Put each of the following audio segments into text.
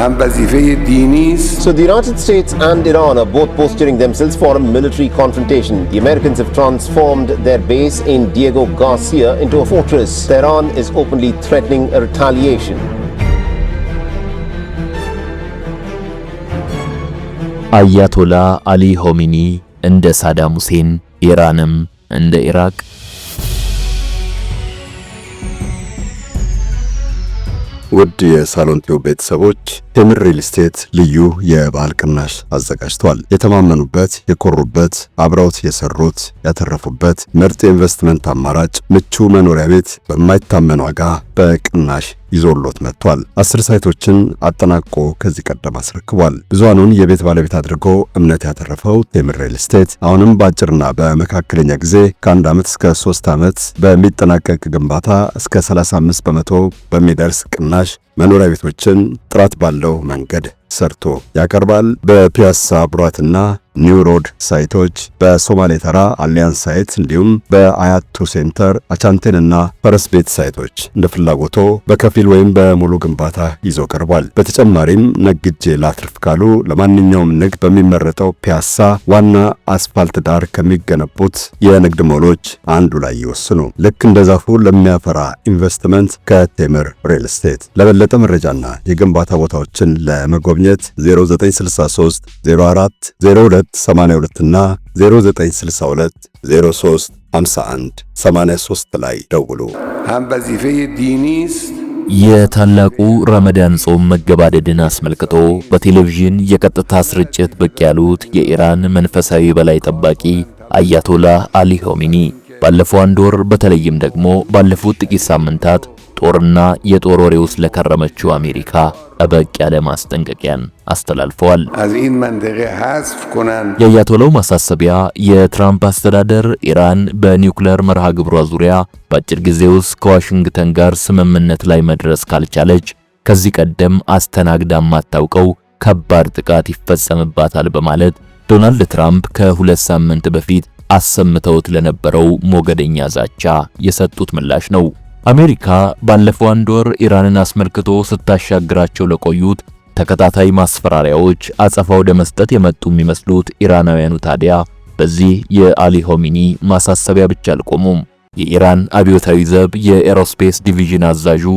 هم وظیفه دینی است So the United States and Iran are both posturing themselves for a military confrontation. The Americans have transformed their base in Diego Garcia into a fortress. Tehran is openly threatening a retaliation. አያቶላ አሊ ሆሚኒ እንደ ሳዳም ሁሴን ኢራንም እንደ ኢራቅ ውድ የሳሎን ቤተሰቦች ቴምር ሪል ስቴት ልዩ የበዓል ቅናሽ አዘጋጅቷል። የተማመኑበት፣ የኮሩበት፣ አብረውት የሰሩት፣ ያተረፉበት ምርጥ የኢንቨስትመንት አማራጭ ምቹ መኖሪያ ቤት በማይታመን ዋጋ በቅናሽ ይዞሎት መጥቷል። አስር ሳይቶችን አጠናቆ ከዚህ ቀደም አስረክቧል። ብዙሃኑን የቤት ባለቤት አድርጎ እምነት ያተረፈው ቴምር ሪል ስቴት አሁንም በአጭርና በመካከለኛ ጊዜ ከአንድ ዓመት እስከ ሶስት ዓመት በሚጠናቀቅ ግንባታ እስከ 35 በመቶ በሚደርስ ቅናሽ መኖሪያ ቤቶችን ጥራት ባለው ባለው መንገድ ሰርቶ ያቀርባል። በፒያሳ ብራትና ኒውሮድ ሳይቶች በሶማሌ ተራ አሊያንስ ሳይት እንዲሁም በአያቱ ሴንተር አቻንቴንና ፈረስ ቤት ሳይቶች እንደ ፍላጎቶ በከፊል ወይም በሙሉ ግንባታ ይዞ ቀርቧል። በተጨማሪም ነግጄ ላትርፍ ካሉ ለማንኛውም ንግድ በሚመረጠው ፒያሳ ዋና አስፋልት ዳር ከሚገነቡት የንግድ ሞሎች አንዱ ላይ ይወስኑ። ልክ እንደ ዛፉ ለሚያፈራ ኢንቨስትመንት ከቴምር ሪል ስቴት ለበለጠ መረጃና የግንባታ ቦታዎችን ለመጎብኘት 0963 04 0282 እና 0962 ላይ ደውሉ። የታላቁ ረመዳን ጾም መገባደድን አስመልክቶ በቴሌቪዥን የቀጥታ ስርጭት ብቅ ያሉት የኢራን መንፈሳዊ በላይ ጠባቂ አያቶላህ አሊ ሆሚኒ ባለፈው አንድ ወር በተለይም ደግሞ ባለፉት ጥቂት ሳምንታት ጦርና የጦር ወሬ ውስጥ ለከረመችው አሜሪካ ጠበቅ ያለ ማስጠንቀቂያን አስተላልፈዋል። የአያቶላው ማሳሰቢያ የትራምፕ አስተዳደር ኢራን በኒውክሌር መርሃ ግብሯ ዙሪያ በአጭር ጊዜ ውስጥ ከዋሽንግተን ጋር ስምምነት ላይ መድረስ ካልቻለች ከዚህ ቀደም አስተናግዳ የማታውቀው ከባድ ጥቃት ይፈጸምባታል በማለት ዶናልድ ትራምፕ ከሁለት ሳምንት በፊት አሰምተውት ለነበረው ሞገደኛ ዛቻ የሰጡት ምላሽ ነው። አሜሪካ ባለፈው አንድ ወር ኢራንን አስመልክቶ ስታሻግራቸው ለቆዩት ተከታታይ ማስፈራሪያዎች አጸፋ ወደ መስጠት የመጡ የሚመስሉት ኢራናውያኑ ታዲያ በዚህ የአሊ ሆሚኒ ማሳሰቢያ ብቻ አልቆሙም። የኢራን አብዮታዊ ዘብ የኤሮስፔስ ዲቪዥን አዛዡ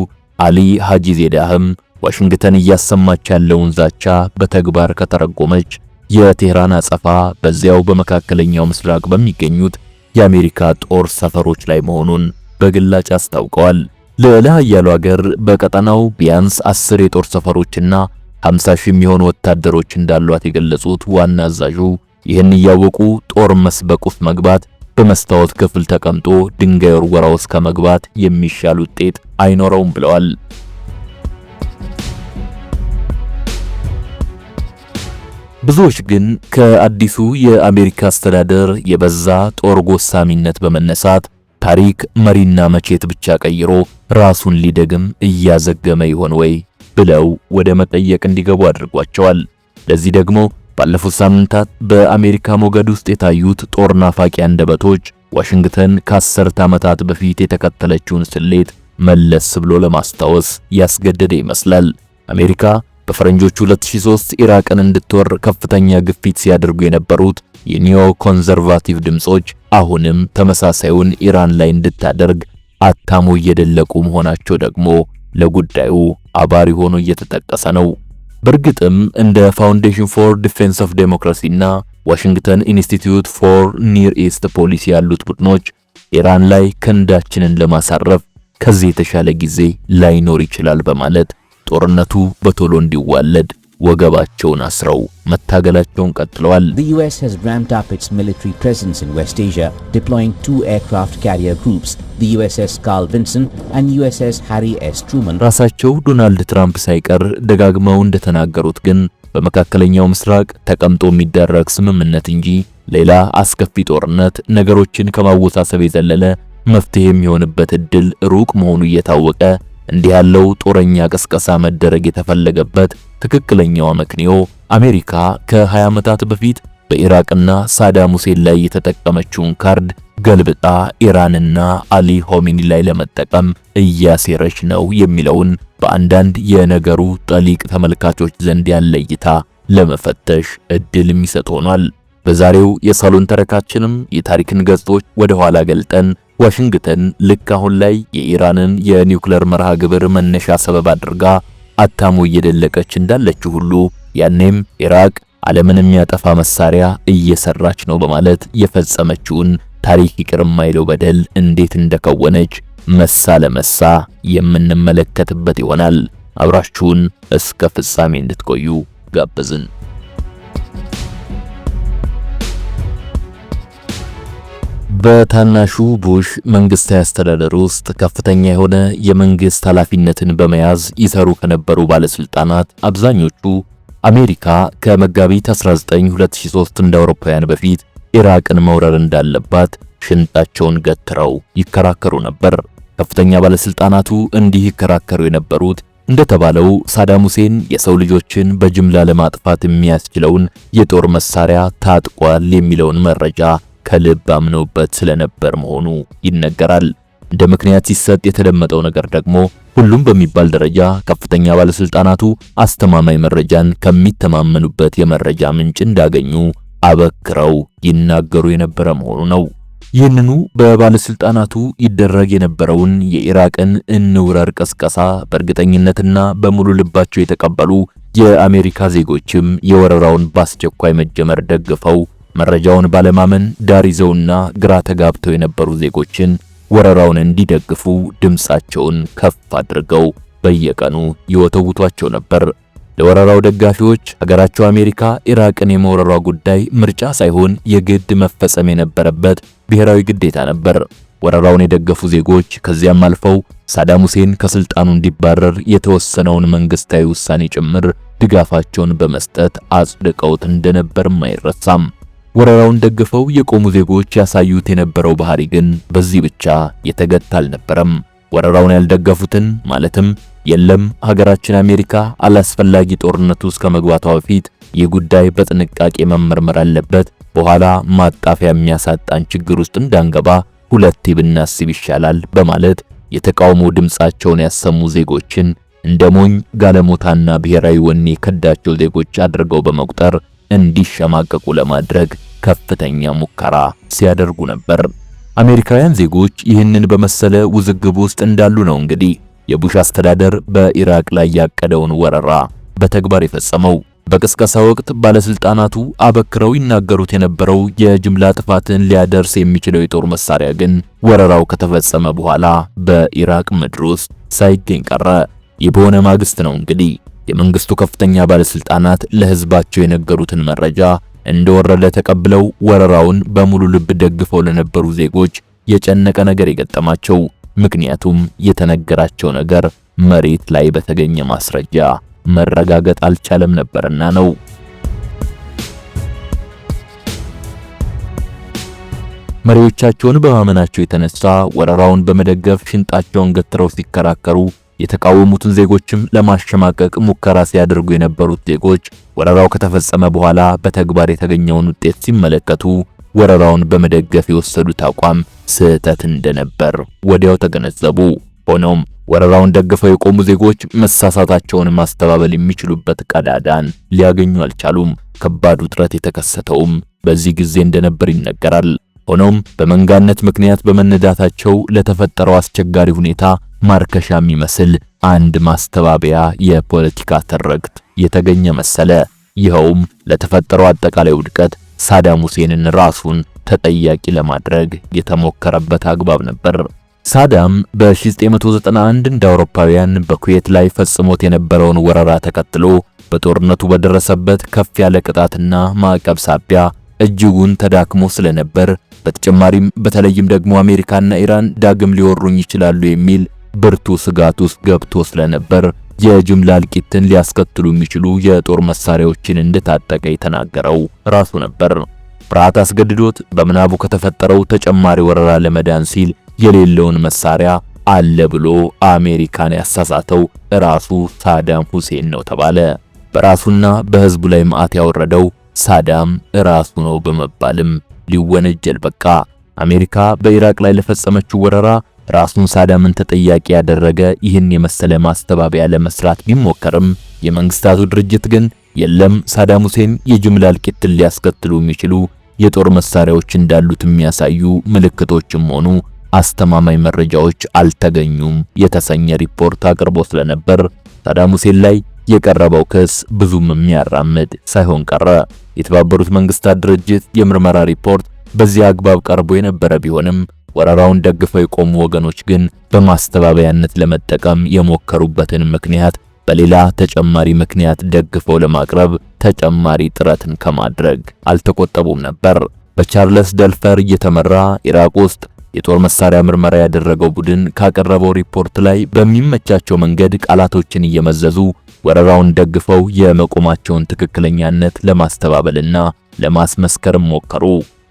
አሊ ሃጂ ዜዳህም ዋሽንግተን እያሰማች ያለውን ዛቻ በተግባር ከተረጎመች የቴህራን አጸፋ በዚያው በመካከለኛው ምስራቅ በሚገኙት የአሜሪካ ጦር ሰፈሮች ላይ መሆኑን በግላጭ አስታውቀዋል። ልዕለ ኃያሉ ሀገር በቀጠናው ቢያንስ አስር የጦር ሰፈሮችና 50 ሺህ የሚሆኑ ወታደሮች እንዳሏት የገለጹት ዋና አዛዡ ይህን እያወቁ ጦር መስበቅ ውስጥ መግባት በመስታወት ክፍል ተቀምጦ ድንጋይ ወርወራ ውስጥ ከመግባት የሚሻል ውጤት አይኖረውም ብለዋል። ብዙዎች ግን ከአዲሱ የአሜሪካ አስተዳደር የበዛ ጦር ጎሳሚነት በመነሳት ታሪክ መሪና መቼት ብቻ ቀይሮ ራሱን ሊደግም እያዘገመ ይሆን ወይ ብለው ወደ መጠየቅ እንዲገቡ አድርጓቸዋል። ለዚህ ደግሞ ባለፉት ሳምንታት በአሜሪካ ሞገድ ውስጥ የታዩት ጦር ናፋቂ አንደበቶች ዋሽንግተን ከአስርተ ዓመታት በፊት የተከተለችውን ስሌት መለስ ብሎ ለማስታወስ ያስገደደ ይመስላል። አሜሪካ በፈረንጆቹ 2003 ኢራቅን እንድትወር ከፍተኛ ግፊት ሲያደርጉ የነበሩት የኒዮ ኮንዘርቫቲቭ ድምጾች አሁንም ተመሳሳዩን ኢራን ላይ እንድታደርግ አታሙ እየደለቁ መሆናቸው ደግሞ ለጉዳዩ አባሪ ሆኖ እየተጠቀሰ ነው። በእርግጥም እንደ ፋውንዴሽን ፎር ዲፌንስ ኦፍ ዴሞክራሲ እና ዋሽንግተን ኢንስቲትዩት ፎር ኒር ኢስት ፖሊሲ ያሉት ቡድኖች ኢራን ላይ ክንዳችንን ለማሳረፍ ከዚህ የተሻለ ጊዜ ላይኖር ይችላል በማለት ጦርነቱ በቶሎ እንዲዋለድ ወገባቸውን አስረው መታገላቸውን ቀጥለዋል። The US has ramped up its military presence in West Asia, deploying two aircraft carrier groups, the USS Carl Vinson and USS Harry S. Truman. ራሳቸው ዶናልድ ትራምፕ ሳይቀር ደጋግመው እንደተናገሩት ግን በመካከለኛው ምስራቅ ተቀምጦ የሚደረግ ስምምነት እንጂ ሌላ አስከፊ ጦርነት ነገሮችን ከማወሳሰብ የዘለለ መፍትሄ የሚሆንበት እድል ሩቅ መሆኑ እየታወቀ እንዲህ ያለው ጦረኛ ቅስቀሳ መደረግ የተፈለገበት ትክክለኛው መክንዮ አሜሪካ ከ20 ዓመታት በፊት በኢራቅና ሳዳም ሁሴን ላይ የተጠቀመችውን ካርድ ገልብጣ ኢራንና አሊ ሆሚኒ ላይ ለመጠቀም እያሴረች ነው የሚለውን በአንዳንድ የነገሩ ጠሊቅ ተመልካቾች ዘንድ ያለ እይታ ለመፈተሽ እድል የሚሰጥ ሆኗል። በዛሬው የሳሎን ተረካችንም የታሪክን ገጾች ወደ ኋላ ገልጠን ዋሽንግተን ልክ አሁን ላይ የኢራንን የኒውክሌር መርሃ ግብር መነሻ ሰበብ አድርጋ አታሞ እየደለቀች እንዳለችው ሁሉ ያኔም ኢራቅ ዓለምን የሚያጠፋ መሳሪያ እየሰራች ነው በማለት የፈጸመችውን ታሪክ ይቅር የማይለው በደል እንዴት እንደከወነች መሳ ለመሳ የምንመለከትበት ይሆናል። አብራችሁን እስከ ፍጻሜ እንድትቆዩ ጋበዝን። በታናሹ ቡሽ መንግስታዊ አስተዳደር ውስጥ ከፍተኛ የሆነ የመንግስት ኃላፊነትን በመያዝ ይሰሩ ከነበሩ ባለስልጣናት አብዛኞቹ አሜሪካ ከመጋቢት 19 2003 እንደ አውሮፓውያን በፊት ኢራቅን መውረር እንዳለባት ሽንጣቸውን ገትረው ይከራከሩ ነበር። ከፍተኛ ባለስልጣናቱ እንዲህ ይከራከሩ የነበሩት እንደተባለው ሳዳም ሁሴን የሰው ልጆችን በጅምላ ለማጥፋት የሚያስችለውን የጦር መሳሪያ ታጥቋል የሚለውን መረጃ ከልብ አምነውበት ስለነበር መሆኑ ይነገራል። እንደ ምክንያት ሲሰጥ የተደመጠው ነገር ደግሞ ሁሉም በሚባል ደረጃ ከፍተኛ ባለስልጣናቱ አስተማማኝ መረጃን ከሚተማመኑበት የመረጃ ምንጭ እንዳገኙ አበክረው ይናገሩ የነበረ መሆኑ ነው። ይህንኑ በባለስልጣናቱ ይደረግ የነበረውን የኢራቅን እንውረር ቀስቀሳ በእርግጠኝነትና በሙሉ ልባቸው የተቀበሉ የአሜሪካ ዜጎችም የወረራውን በአስቸኳይ መጀመር ደግፈው መረጃውን ባለማመን ዳር ይዘውና ግራ ተጋብተው የነበሩ ዜጎችን ወረራውን እንዲደግፉ ድምፃቸውን ከፍ አድርገው በየቀኑ ይወተውቷቸው ነበር። ለወረራው ደጋፊዎች ሀገራቸው አሜሪካ ኢራቅን የመወረራ ጉዳይ ምርጫ ሳይሆን የግድ መፈጸም የነበረበት ብሔራዊ ግዴታ ነበር። ወረራውን የደገፉ ዜጎች ከዚያም አልፈው ሳዳም ሁሴን ከስልጣኑ እንዲባረር የተወሰነውን መንግስታዊ ውሳኔ ጭምር ድጋፋቸውን በመስጠት አጽድቀውት እንደነበርም አይረሳም። ወረራውን ደግፈው የቆሙ ዜጎች ያሳዩት የነበረው ባህሪ ግን በዚህ ብቻ የተገታ አልነበረም። ወረራውን ያልደገፉትን ማለትም የለም ሀገራችን አሜሪካ አላስፈላጊ ጦርነቱ እስከ መግባቷ በፊት ይህ ጉዳይ በጥንቃቄ መመርመር አለበት፣ በኋላ ማጣፊያ የሚያሳጣን ችግር ውስጥ እንዳንገባ ሁለቴ ብናስብ ይሻላል በማለት የተቃውሞ ድምፃቸውን ያሰሙ ዜጎችን እንደ ሞኝ ጋለሞታና ብሔራዊ ወኔ ከዳቸው ዜጎች አድርገው በመቁጠር እንዲሸማቀቁ ለማድረግ ከፍተኛ ሙከራ ሲያደርጉ ነበር። አሜሪካውያን ዜጎች ይህንን በመሰለ ውዝግብ ውስጥ እንዳሉ ነው እንግዲህ የቡሽ አስተዳደር በኢራቅ ላይ ያቀደውን ወረራ በተግባር የፈጸመው። በቅስቀሳ ወቅት ባለስልጣናቱ አበክረው ይናገሩት የነበረው የጅምላ ጥፋትን ሊያደርስ የሚችለው የጦር መሳሪያ ግን ወረራው ከተፈጸመ በኋላ በኢራቅ ምድር ውስጥ ሳይገኝ ቀረ። ይህ በሆነ ማግስት ነው እንግዲህ የመንግስቱ ከፍተኛ ባለስልጣናት ለህዝባቸው የነገሩትን መረጃ እንደወረደ ተቀብለው ወረራውን በሙሉ ልብ ደግፈው ለነበሩ ዜጎች የጨነቀ ነገር የገጠማቸው፣ ምክንያቱም የተነገራቸው ነገር መሬት ላይ በተገኘ ማስረጃ መረጋገጥ አልቻለም ነበርና ነው። መሪዎቻቸውን በማመናቸው የተነሳ ወረራውን በመደገፍ ሽንጣቸውን ገትረው ሲከራከሩ የተቃወሙትን ዜጎችም ለማሸማቀቅ ሙከራ ሲያደርጉ የነበሩት ዜጎች ወረራው ከተፈጸመ በኋላ በተግባር የተገኘውን ውጤት ሲመለከቱ ወረራውን በመደገፍ የወሰዱት አቋም ስህተት እንደነበር ወዲያው ተገነዘቡ። ሆኖም ወረራውን ደግፈው የቆሙ ዜጎች መሳሳታቸውን ማስተባበል የሚችሉበት ቀዳዳን ሊያገኙ አልቻሉም። ከባድ ውጥረት የተከሰተውም በዚህ ጊዜ እንደነበር ይነገራል። ሆኖም በመንጋነት ምክንያት በመነዳታቸው ለተፈጠረው አስቸጋሪ ሁኔታ ማርከሻ የሚመስል አንድ ማስተባበያ የፖለቲካ ትርክት የተገኘ መሰለ። ይኸውም ለተፈጠረው አጠቃላይ ውድቀት ሳዳም ሁሴንን ራሱን ተጠያቂ ለማድረግ የተሞከረበት አግባብ ነበር። ሳዳም በ1991 እንደ አውሮፓውያን በኩዌት ላይ ፈጽሞት የነበረውን ወረራ ተከትሎ በጦርነቱ በደረሰበት ከፍ ያለ ቅጣትና ማዕቀብ ሳቢያ እጅጉን ተዳክሞ ስለነበር በተጨማሪም በተለይም ደግሞ አሜሪካና ኢራን ዳግም ሊወሩኝ ይችላሉ የሚል ብርቱ ስጋት ውስጥ ገብቶ ስለነበር የጅምላ እልቂትን ሊያስከትሉ የሚችሉ የጦር መሳሪያዎችን እንደታጠቀ የተናገረው ራሱ ነበር። ፍርሃት አስገድዶት በምናቡ ከተፈጠረው ተጨማሪ ወረራ ለመዳን ሲል የሌለውን መሳሪያ አለ ብሎ አሜሪካን ያሳሳተው ራሱ ሳዳም ሁሴን ነው ተባለ። በራሱና በህዝቡ ላይ መዓት ያወረደው ሳዳም ራሱ ነው በመባልም ሊወነጀል በቃ። አሜሪካ በኢራቅ ላይ ለፈጸመችው ወረራ ራሱን ሳዳምን ተጠያቂ ያደረገ ይህን የመሰለ ማስተባበያ ለመስራት ቢሞከርም የመንግስታቱ ድርጅት ግን የለም ሳዳም ሁሴን የጅምላ እልቂትን ሊያስከትሉ የሚችሉ የጦር መሳሪያዎች እንዳሉት የሚያሳዩ ምልክቶችም ሆኑ አስተማማኝ መረጃዎች አልተገኙም የተሰኘ ሪፖርት አቅርቦ ስለነበር ሳዳም ሁሴን ላይ የቀረበው ክስ ብዙም የሚያራምድ ሳይሆን ቀረ። የተባበሩት መንግስታት ድርጅት የምርመራ ሪፖርት በዚህ አግባብ ቀርቦ የነበረ ቢሆንም ወረራውን ደግፈው የቆሙ ወገኖች ግን በማስተባበያነት ለመጠቀም የሞከሩበትን ምክንያት በሌላ ተጨማሪ ምክንያት ደግፈው ለማቅረብ ተጨማሪ ጥረትን ከማድረግ አልተቆጠቡም ነበር። በቻርለስ ደልፈር እየተመራ ኢራቅ ውስጥ የጦር መሳሪያ ምርመራ ያደረገው ቡድን ካቀረበው ሪፖርት ላይ በሚመቻቸው መንገድ ቃላቶችን እየመዘዙ ወረራውን ደግፈው የመቆማቸውን ትክክለኛነት ለማስተባበልና ለማስመስከርም ሞከሩ።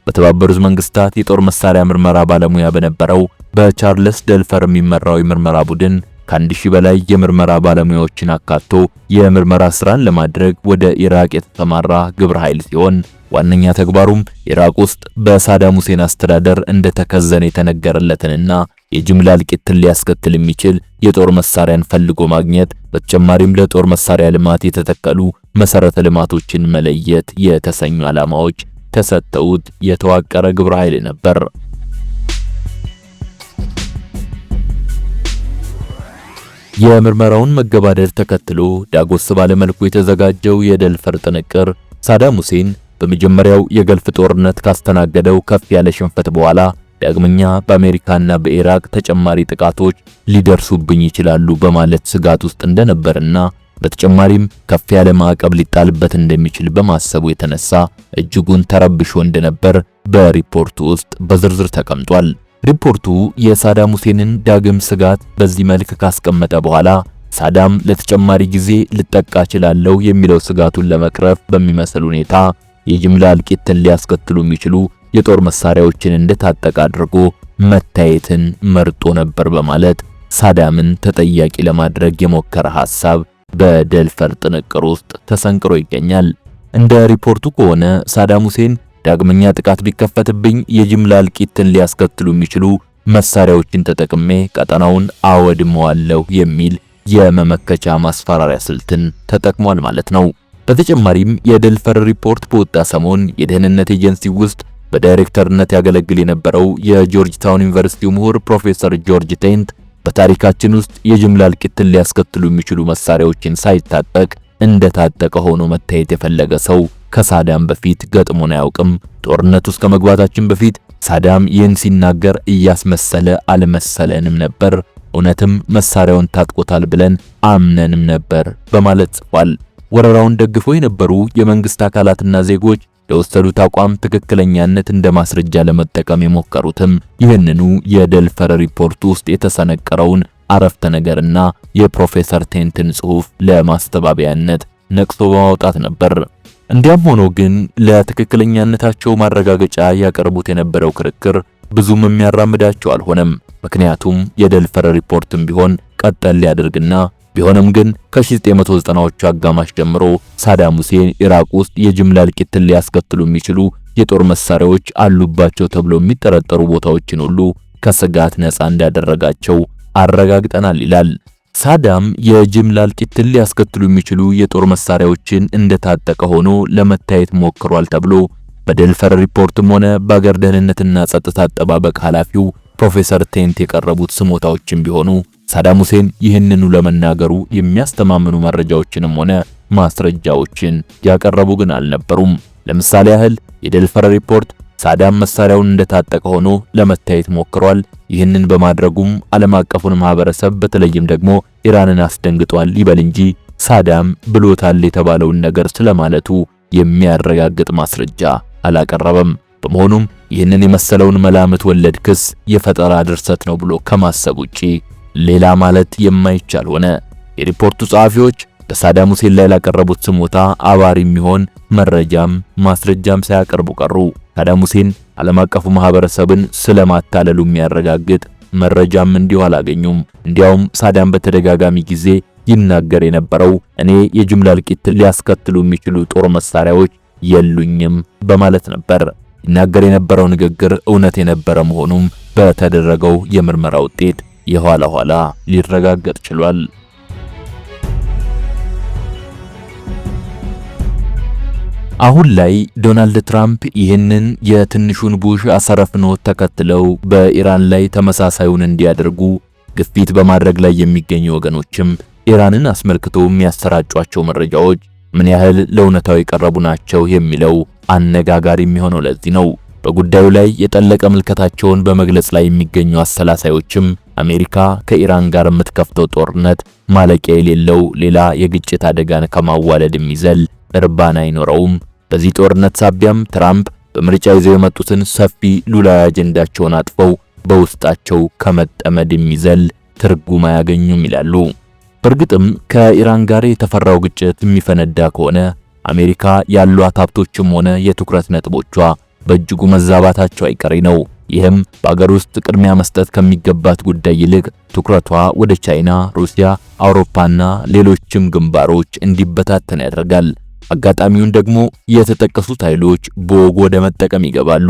በተባበሩት መንግስታት የጦር መሳሪያ ምርመራ ባለሙያ በነበረው በቻርለስ ደልፈር የሚመራው የምርመራ ቡድን ከአንድ ሺህ በላይ የምርመራ ባለሙያዎችን አካቶ የምርመራ ስራን ለማድረግ ወደ ኢራቅ የተሰማራ ግብረ ኃይል ሲሆን ዋነኛ ተግባሩም ኢራቅ ውስጥ በሳዳም ሁሴን አስተዳደር እንደተከዘነ የተነገረለትንና የጅምላ እልቂትን ሊያስከትል የሚችል የጦር መሳሪያን ፈልጎ ማግኘት፣ በተጨማሪም ለጦር መሳሪያ ልማት የተተከሉ መሰረተ ልማቶችን መለየት የተሰኙ ዓላማዎች ተሰጠውት የተዋቀረ ግብረ ኃይል ነበር። የምርመራውን መገባደድ ተከትሎ ዳጎስ ባለመልኩ የተዘጋጀው የደልፈር ጥንቅር ሳዳም ሁሴን በመጀመሪያው የገልፍ ጦርነት ካስተናገደው ከፍ ያለ ሽንፈት በኋላ ዳግመኛ በአሜሪካና በኢራቅ ተጨማሪ ጥቃቶች ሊደርሱብኝ ይችላሉ በማለት ስጋት ውስጥ እንደነበርና በተጨማሪም ከፍ ያለ ማዕቀብ ሊጣልበት እንደሚችል በማሰቡ የተነሳ እጅጉን ተረብሾ እንደነበር በሪፖርቱ ውስጥ በዝርዝር ተቀምጧል። ሪፖርቱ የሳዳም ሁሴንን ዳግም ስጋት በዚህ መልክ ካስቀመጠ በኋላ ሳዳም ለተጨማሪ ጊዜ ልጠቃ እችላለሁ የሚለው ስጋቱን ለመቅረፍ በሚመስል ሁኔታ የጅምላ እልቂትን ሊያስከትሉ የሚችሉ የጦር መሳሪያዎችን እንደታጠቀ አድርጎ መታየትን መርጦ ነበር በማለት ሳዳምን ተጠያቂ ለማድረግ የሞከረ ሐሳብ በደልፈር ጥንቅር ውስጥ ተሰንቅሮ ይገኛል። እንደ ሪፖርቱ ከሆነ ሳዳም ሁሴን ዳግመኛ ጥቃት ቢከፈትብኝ የጅምላ እልቂትን ሊያስከትሉ የሚችሉ መሳሪያዎችን ተጠቅሜ ቀጠናውን አወድመዋለሁ የሚል የመመከቻ ማስፈራሪያ ስልትን ተጠቅሟል ማለት ነው። በተጨማሪም የድል ፈር ሪፖርት በወጣ ሰሞን የደህንነት ኤጀንሲ ውስጥ በዳይሬክተርነት ያገለግል የነበረው የጆርጅ ታውን ዩኒቨርሲቲው ምሁር ፕሮፌሰር ጆርጅ ቴንት በታሪካችን ውስጥ የጅምላ እልቂትን ሊያስከትሉ የሚችሉ መሳሪያዎችን ሳይታጠቅ እንደታጠቀ ሆኖ መታየት የፈለገ ሰው ከሳዳም በፊት ገጥሞን አያውቅም። ጦርነት ውስጥ ከመግባታችን በፊት ሳዳም ይህን ሲናገር እያስመሰለ አልመሰለንም ነበር፣ እውነትም መሳሪያውን ታጥቆታል ብለን አምነንም ነበር በማለት ጽፏል። ወረራውን ደግፎ የነበሩ የመንግስት አካላትና ዜጎች የወሰዱት አቋም ትክክለኛነት እንደ ማስረጃ ለመጠቀም የሞከሩትም ይህንኑ የደልፈረ ሪፖርት ውስጥ የተሰነቀረውን አረፍተ ነገርና የፕሮፌሰር ቴንትን ጽሑፍ ለማስተባበያነት ነቅሶ በማውጣት ነበር። እንዲያም ሆኖ ግን ለትክክለኛነታቸው ማረጋገጫ ያቀርቡት የነበረው ክርክር ብዙም የሚያራምዳቸው አልሆነም። ምክንያቱም የደልፈረ ሪፖርትም ቢሆን ቀጠል ሊያደርግና ቢሆንም ግን ከ1990ዎቹ አጋማሽ ጀምሮ ሳዳም ሁሴን ኢራቅ ውስጥ የጅምላ እልቂትን ሊያስከትሉ የሚችሉ የጦር መሳሪያዎች አሉባቸው ተብሎ የሚጠረጠሩ ቦታዎችን ሁሉ ከስጋት ነፃ እንዳደረጋቸው አረጋግጠናል ይላል። ሳዳም የጅምላ እልቂትን ሊያስከትሉ የሚችሉ የጦር መሳሪያዎችን እንደታጠቀ ሆኖ ለመታየት ሞክሯል ተብሎ በደልፈር ሪፖርትም ሆነ በአገር ደህንነትና ጸጥታ አጠባበቅ ኃላፊው ፕሮፌሰር ቴንት የቀረቡት ስሞታዎችም ቢሆኑ ሳዳም ሁሴን ይህንኑ ለመናገሩ የሚያስተማምኑ መረጃዎችንም ሆነ ማስረጃዎችን ያቀረቡ ግን አልነበሩም። ለምሳሌ ያህል የደልፈረ ሪፖርት ሳዳም መሳሪያውን እንደታጠቀ ሆኖ ለመታየት ሞክሯል። ይህንን በማድረጉም ዓለም አቀፉን ማህበረሰብ በተለይም ደግሞ ኢራንን አስደንግጧል ይበል እንጂ ሳዳም ብሎታል የተባለውን ነገር ስለማለቱ የሚያረጋግጥ ማስረጃ አላቀረበም። በመሆኑም ይህንን የመሰለውን መላምት ወለድ ክስ የፈጠራ ድርሰት ነው ብሎ ከማሰብ ውጪ ሌላ ማለት የማይቻል ሆነ። የሪፖርቱ ጸሐፊዎች በሳዳም ሁሴን ላይ ላቀረቡት ስሞታ አባሪ የሚሆን መረጃም ማስረጃም ሳያቀርቡ ቀሩ። ሳዳም ሁሴን ዓለም አቀፉ ማህበረሰብን ስለማታለሉ የሚያረጋግጥ መረጃም እንዲሁ አላገኙም። እንዲያውም ሳዳም በተደጋጋሚ ጊዜ ይናገር የነበረው እኔ የጅምላ እልቂት ሊያስከትሉ የሚችሉ ጦር መሳሪያዎች የሉኝም በማለት ነበር። ይናገር የነበረው ንግግር እውነት የነበረ መሆኑም በተደረገው የምርመራ ውጤት የኋላ ኋላ ሊረጋገጥ ችሏል። አሁን ላይ ዶናልድ ትራምፕ ይህንን የትንሹን ቡሽ አሰረፍኖት ተከትለው በኢራን ላይ ተመሳሳዩን እንዲያደርጉ ግፊት በማድረግ ላይ የሚገኙ ወገኖችም ኢራንን አስመልክቶ የሚያሰራጯቸው መረጃዎች ምን ያህል ለእውነታው የቀረቡ ናቸው የሚለው አነጋጋሪ የሚሆነው ለዚህ ነው። በጉዳዩ ላይ የጠለቀ ምልከታቸውን በመግለጽ ላይ የሚገኙ አሰላሳዮችም አሜሪካ ከኢራን ጋር የምትከፍተው ጦርነት ማለቂያ የሌለው ሌላ የግጭት አደጋን ከማዋለድ የሚዘል እርባን አይኖረውም። በዚህ ጦርነት ሳቢያም ትራምፕ በምርጫ ይዘው የመጡትን ሰፊ ሉላዊ አጀንዳቸውን አጥፈው በውስጣቸው ከመጠመድ የሚዘል ትርጉም አያገኙም ይላሉ። በእርግጥም ከኢራን ጋር የተፈራው ግጭት የሚፈነዳ ከሆነ አሜሪካ ያሏት ሀብቶችም ሆነ የትኩረት ነጥቦቿ በእጅጉ መዛባታቸው አይቀሬ ነው። ይህም በአገር ውስጥ ቅድሚያ መስጠት ከሚገባት ጉዳይ ይልቅ ትኩረቷ ወደ ቻይና፣ ሩሲያ፣ አውሮፓና ሌሎችም ግንባሮች እንዲበታተን ያደርጋል። አጋጣሚውን ደግሞ የተጠቀሱት ኃይሎች በወጉ ወደ መጠቀም ይገባሉ።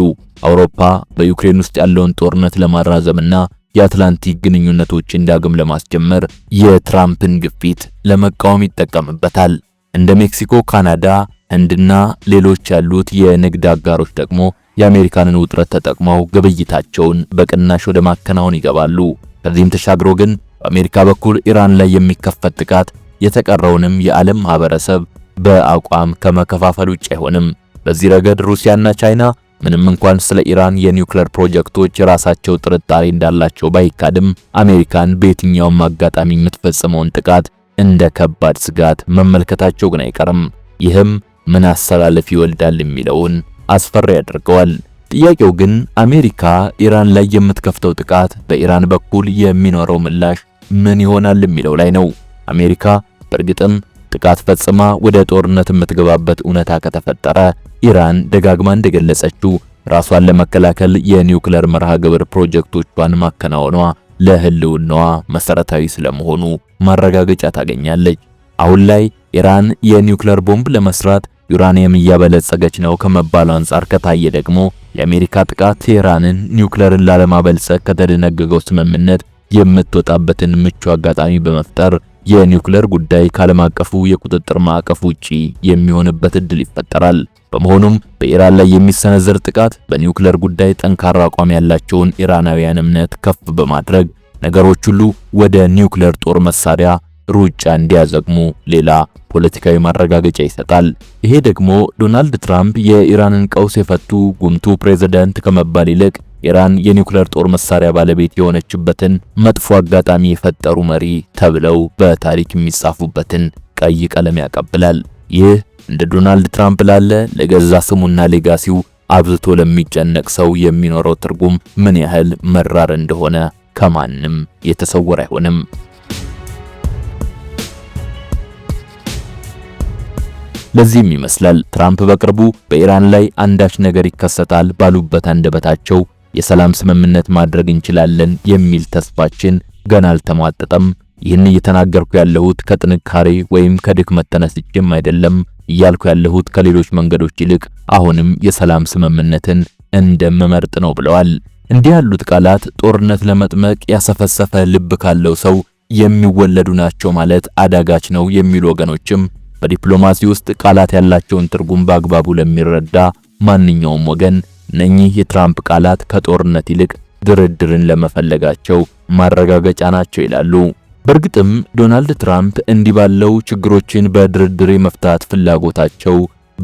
አውሮፓ በዩክሬን ውስጥ ያለውን ጦርነት ለማራዘምና የአትላንቲክ ግንኙነቶችን ዳግም ለማስጀመር የትራምፕን ግፊት ለመቃወም ይጠቀምበታል። እንደ ሜክሲኮ፣ ካናዳ፣ ህንድና ሌሎች ያሉት የንግድ አጋሮች ደግሞ የአሜሪካንን ውጥረት ተጠቅመው ግብይታቸውን በቅናሽ ወደ ማከናወን ይገባሉ። ከዚህም ተሻግሮ ግን በአሜሪካ በኩል ኢራን ላይ የሚከፈት ጥቃት የተቀረውንም የዓለም ማህበረሰብ በአቋም ከመከፋፈል ውጭ አይሆንም። በዚህ ረገድ ሩሲያና ቻይና ምንም እንኳን ስለ ኢራን የኒውክሌር ፕሮጀክቶች የራሳቸው ጥርጣሬ እንዳላቸው ባይካድም አሜሪካን በየትኛውም አጋጣሚ የምትፈጽመውን ጥቃት እንደ ከባድ ስጋት መመልከታቸው ግን አይቀርም። ይህም ምን አሰላለፍ ይወልዳል የሚለውን አስፈሪ ያደርገዋል። ጥያቄው ግን አሜሪካ ኢራን ላይ የምትከፍተው ጥቃት በኢራን በኩል የሚኖረው ምላሽ ምን ይሆናል የሚለው ላይ ነው። አሜሪካ በእርግጥም ጥቃት ፈጽማ ወደ ጦርነት የምትገባበት እውነታ ከተፈጠረ ኢራን ደጋግማ እንደገለጸችው ራሷን ለመከላከል የኒውክሌር መርሃ ግብር ፕሮጀክቶቿን ማከናወኗ ለህልውናዋ መሰረታዊ ስለመሆኑ ማረጋገጫ ታገኛለች። አሁን ላይ ኢራን የኒውክሌር ቦምብ ለመስራት ዩራኒየም እያበለጸገች ነው ከመባሉ አንጻር ከታየ ደግሞ የአሜሪካ ጥቃት ቴህራንን ኒውክለርን ላለማበልጸግ ከተደነገገው ስምምነት የምትወጣበትን ምቹ አጋጣሚ በመፍጠር የኒውክለር ጉዳይ ካለም አቀፉ የቁጥጥር ማዕቀፍ ውጪ የሚሆንበት እድል ይፈጠራል። በመሆኑም በኢራን ላይ የሚሰነዘር ጥቃት በኒውክለር ጉዳይ ጠንካራ አቋም ያላቸውን ኢራናውያን እምነት ከፍ በማድረግ ነገሮች ሁሉ ወደ ኒውክለር ጦር መሳሪያ ሩጫ እንዲያዘግሙ ሌላ ፖለቲካዊ ማረጋገጫ ይሰጣል። ይሄ ደግሞ ዶናልድ ትራምፕ የኢራንን ቀውስ የፈቱ ጉምቱ ፕሬዝዳንት ከመባል ይልቅ ኢራን የኒውክሌር ጦር መሳሪያ ባለቤት የሆነችበትን መጥፎ አጋጣሚ የፈጠሩ መሪ ተብለው በታሪክ የሚጻፉበትን ቀይ ቀለም ያቀብላል። ይህ እንደ ዶናልድ ትራምፕ ላለ ለገዛ ስሙና ሌጋሲው አብዝቶ ለሚጨነቅ ሰው የሚኖረው ትርጉም ምን ያህል መራር እንደሆነ ከማንም የተሰወረ አይሆንም። ለዚህም ይመስላል ትራምፕ በቅርቡ በኢራን ላይ አንዳች ነገር ይከሰታል ባሉበት አንደበታቸው የሰላም ስምምነት ማድረግ እንችላለን የሚል ተስፋችን ገና አልተሟጠጠም። ይህን እየተናገርኩ ያለሁት ከጥንካሬ ወይም ከድክመት ተነስቼም አይደለም እያልኩ ያለሁት ከሌሎች መንገዶች ይልቅ አሁንም የሰላም ስምምነትን እንደምመርጥ ነው ብለዋል። እንዲህ ያሉት ቃላት ጦርነት ለመጥመቅ ያሰፈሰፈ ልብ ካለው ሰው የሚወለዱ ናቸው ማለት አዳጋች ነው የሚሉ ወገኖችም በዲፕሎማሲ ውስጥ ቃላት ያላቸውን ትርጉም በአግባቡ ለሚረዳ ማንኛውም ወገን እነኚህ የትራምፕ ቃላት ከጦርነት ይልቅ ድርድርን ለመፈለጋቸው ማረጋገጫ ናቸው ይላሉ። በእርግጥም ዶናልድ ትራምፕ እንዲህ ባለው ችግሮችን በድርድር መፍታት ፍላጎታቸው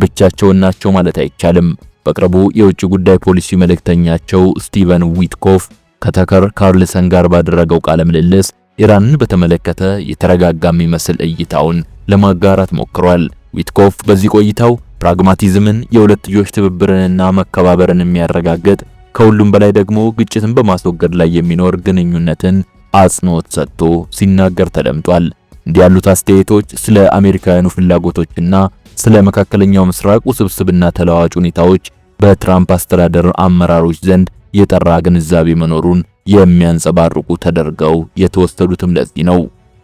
ብቻቸውን ናቸው ማለት አይቻልም። በቅርቡ የውጭ ጉዳይ ፖሊሲ መልእክተኛቸው ስቲቨን ዊትኮፍ ከተከር ካርልሰን ጋር ባደረገው ቃለ ምልልስ ኢራንን በተመለከተ የተረጋጋ የሚመስል እይታውን ለማጋራት ሞክሯል። ዊትኮፍ በዚህ ቆይታው ፕራግማቲዝምን፣ የሁለትዮሽ ትብብርንና መከባበርን የሚያረጋግጥ ከሁሉም በላይ ደግሞ ግጭትን በማስወገድ ላይ የሚኖር ግንኙነትን አጽንኦት ሰጥቶ ሲናገር ተደምጧል። እንዲህ ያሉት አስተያየቶች ስለ አሜሪካውያኑ ፍላጎቶችና ስለ መካከለኛው ምስራቅ ውስብስብና ተለዋዋጭ ሁኔታዎች በትራምፕ አስተዳደር አመራሮች ዘንድ የጠራ ግንዛቤ መኖሩን የሚያንጸባርቁ ተደርገው የተወሰዱትም ለዚህ ነው።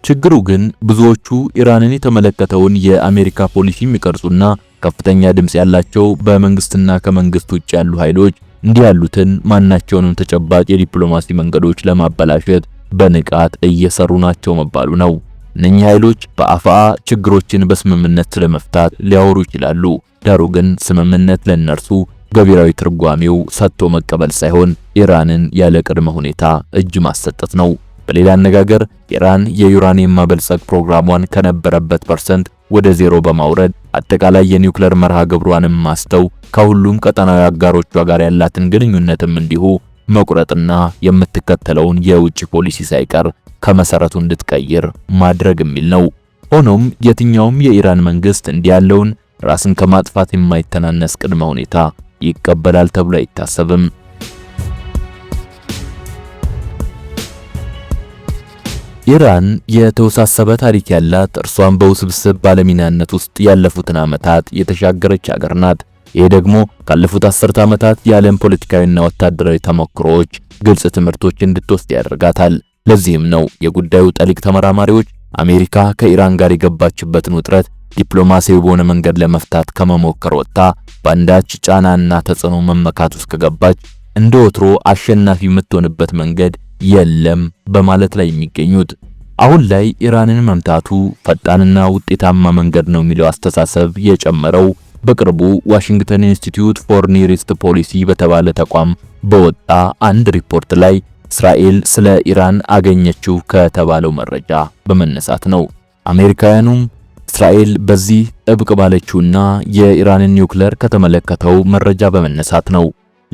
ችግሩ ግን ብዙዎቹ ኢራንን የተመለከተውን የአሜሪካ ፖሊሲ የሚቀርጹና ከፍተኛ ድምጽ ያላቸው በመንግስትና ከመንግስት ውጭ ያሉ ኃይሎች እንዲህ ያሉትን ማናቸውንም ተጨባጭ የዲፕሎማሲ መንገዶች ለማበላሸት በንቃት እየሰሩ ናቸው መባሉ ነው። እነኚህ ኃይሎች በአፍአ ችግሮችን በስምምነት ስለመፍታት ሊያወሩ ይችላሉ። ዳሩ ግን ስምምነት ለእነርሱ ገቢራዊ ትርጓሜው ሰጥቶ መቀበል ሳይሆን ኢራንን ያለ ቅድመ ሁኔታ እጅ ማሰጠት ነው። በሌላ አነጋገር ኢራን የዩራኒየም ማበልጸግ ፕሮግራሟን ከነበረበት ፐርሰንት ወደ ዜሮ በማውረድ አጠቃላይ የኒውክሌር መርሃ ግብሯንም ማስተው ከሁሉም ቀጠናዊ አጋሮቿ ጋር ያላትን ግንኙነትም እንዲሁ መቁረጥና የምትከተለውን የውጭ ፖሊሲ ሳይቀር ከመሰረቱ እንድትቀይር ማድረግ የሚል ነው። ሆኖም የትኛውም የኢራን መንግስት እንዲህ ያለውን ራስን ከማጥፋት የማይተናነስ ቅድመ ሁኔታ ይቀበላል ተብሎ አይታሰብም። ኢራን የተወሳሰበ ታሪክ ያላት እርሷን በውስብስብ ባለሚናነት ውስጥ ያለፉትን ዓመታት የተሻገረች ሀገር ናት። ይህ ደግሞ ካለፉት አስርተ ዓመታት የዓለም ፖለቲካዊና ወታደራዊ ተሞክሮዎች ግልጽ ትምህርቶች እንድትወስድ ያደርጋታል። ለዚህም ነው የጉዳዩ ጠሊቅ ተመራማሪዎች አሜሪካ ከኢራን ጋር የገባችበትን ውጥረት ዲፕሎማሲያዊ በሆነ መንገድ ለመፍታት ከመሞከር ወጥታ በአንዳች ጫናና ተጽዕኖ መመካት ውስጥ ከገባች እንደ ወትሮ አሸናፊ የምትሆንበት መንገድ የለም በማለት ላይ የሚገኙት። አሁን ላይ ኢራንን መምታቱ ፈጣንና ውጤታማ መንገድ ነው የሚለው አስተሳሰብ የጨመረው በቅርቡ ዋሽንግተን ኢንስቲትዩት ፎር ኒሪስት ፖሊሲ በተባለ ተቋም በወጣ አንድ ሪፖርት ላይ እስራኤል ስለ ኢራን አገኘችው ከተባለው መረጃ በመነሳት ነው። አሜሪካውያኑም እስራኤል በዚህ ጥብቅ ባለችውና የኢራንን ኒውክሌር ከተመለከተው መረጃ በመነሳት ነው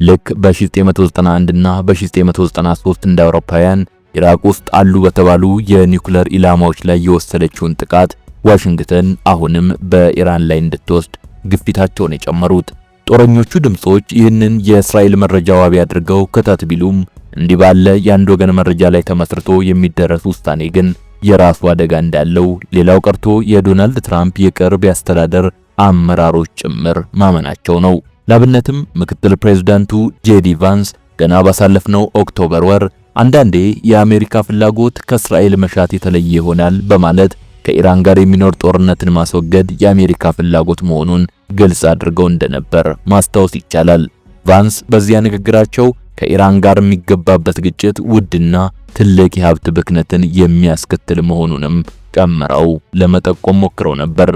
ልክ በ1991 እና በ1993 እንደ አውሮፓውያን ኢራቅ ውስጥ አሉ በተባሉ የኒውክሌር ኢላማዎች ላይ የወሰደችውን ጥቃት ዋሽንግተን አሁንም በኢራን ላይ እንድትወስድ ግፊታቸውን የጨመሩት ጦረኞቹ ድምጾች ይህንን የእስራኤል መረጃ ዋቢ አድርገው ክተት ቢሉም እንዲህ ባለ የአንድ ወገን መረጃ ላይ ተመስርቶ የሚደረስ ውሳኔ ግን የራሱ አደጋ እንዳለው ሌላው ቀርቶ የዶናልድ ትራምፕ የቅርብ አስተዳደር አመራሮች ጭምር ማመናቸው ነው። ላብነትም ምክትል ፕሬዝዳንቱ ጄዲ ቫንስ ገና ባሳለፍነው ኦክቶበር ወር አንዳንዴ የአሜሪካ ፍላጎት ከእስራኤል መሻት የተለየ ይሆናል በማለት ከኢራን ጋር የሚኖር ጦርነትን ማስወገድ የአሜሪካ ፍላጎት መሆኑን ግልጽ አድርገው እንደነበር ማስታወስ ይቻላል። ቫንስ በዚያ ንግግራቸው ከኢራን ጋር የሚገባበት ግጭት ውድና ትልቅ የሀብት ብክነትን የሚያስከትል መሆኑንም ጨምረው ለመጠቆም ሞክረው ነበር።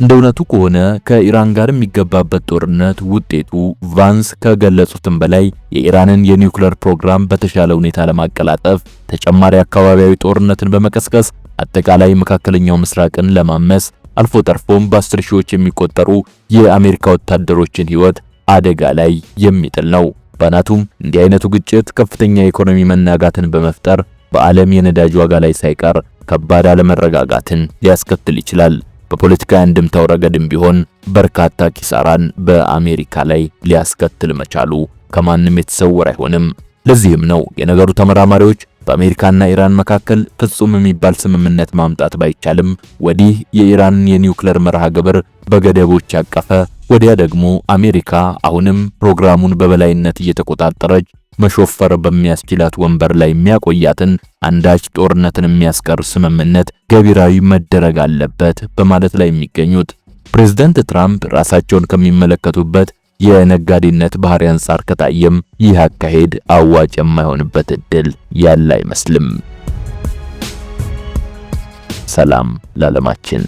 እንደ እውነቱ ከሆነ ከኢራን ጋር የሚገባበት ጦርነት ውጤቱ ቫንስ ከገለጹትም በላይ የኢራንን የኒውክሌር ፕሮግራም በተሻለ ሁኔታ ለማቀላጠፍ ተጨማሪ አካባቢያዊ ጦርነትን በመቀስቀስ አጠቃላይ መካከለኛው ምስራቅን ለማመስ አልፎ ተርፎም በአስር ሺዎች የሚቆጠሩ የአሜሪካ ወታደሮችን ሕይወት አደጋ ላይ የሚጥል ነው። ባናቱም እንዲህ አይነቱ ግጭት ከፍተኛ የኢኮኖሚ መናጋትን በመፍጠር በዓለም የነዳጅ ዋጋ ላይ ሳይቀር ከባድ አለመረጋጋትን ሊያስከትል ይችላል። በፖለቲካ አንድምታው ረገድም ቢሆን በርካታ ኪሳራን በአሜሪካ ላይ ሊያስከትል መቻሉ ከማንም የተሰወረ አይሆንም። ለዚህም ነው የነገሩ ተመራማሪዎች በአሜሪካና ኢራን መካከል ፍጹም የሚባል ስምምነት ማምጣት ባይቻልም ወዲህ የኢራንን የኒውክሌር መርሃ ግብር በገደቦች ያቀፈ፣ ወዲያ ደግሞ አሜሪካ አሁንም ፕሮግራሙን በበላይነት እየተቆጣጠረች መሾፈር በሚያስችላት ወንበር ላይ የሚያቆያትን አንዳች ጦርነትን የሚያስቀር ስምምነት ገቢራዊ መደረግ አለበት በማለት ላይ የሚገኙት ፕሬዝዳንት ትራምፕ ራሳቸውን ከሚመለከቱበት የነጋዴነት ባህሪ አንጻር ከታየም ይህ አካሄድ አዋጭ የማይሆንበት እድል ያለ አይመስልም። ሰላም ለዓለማችን።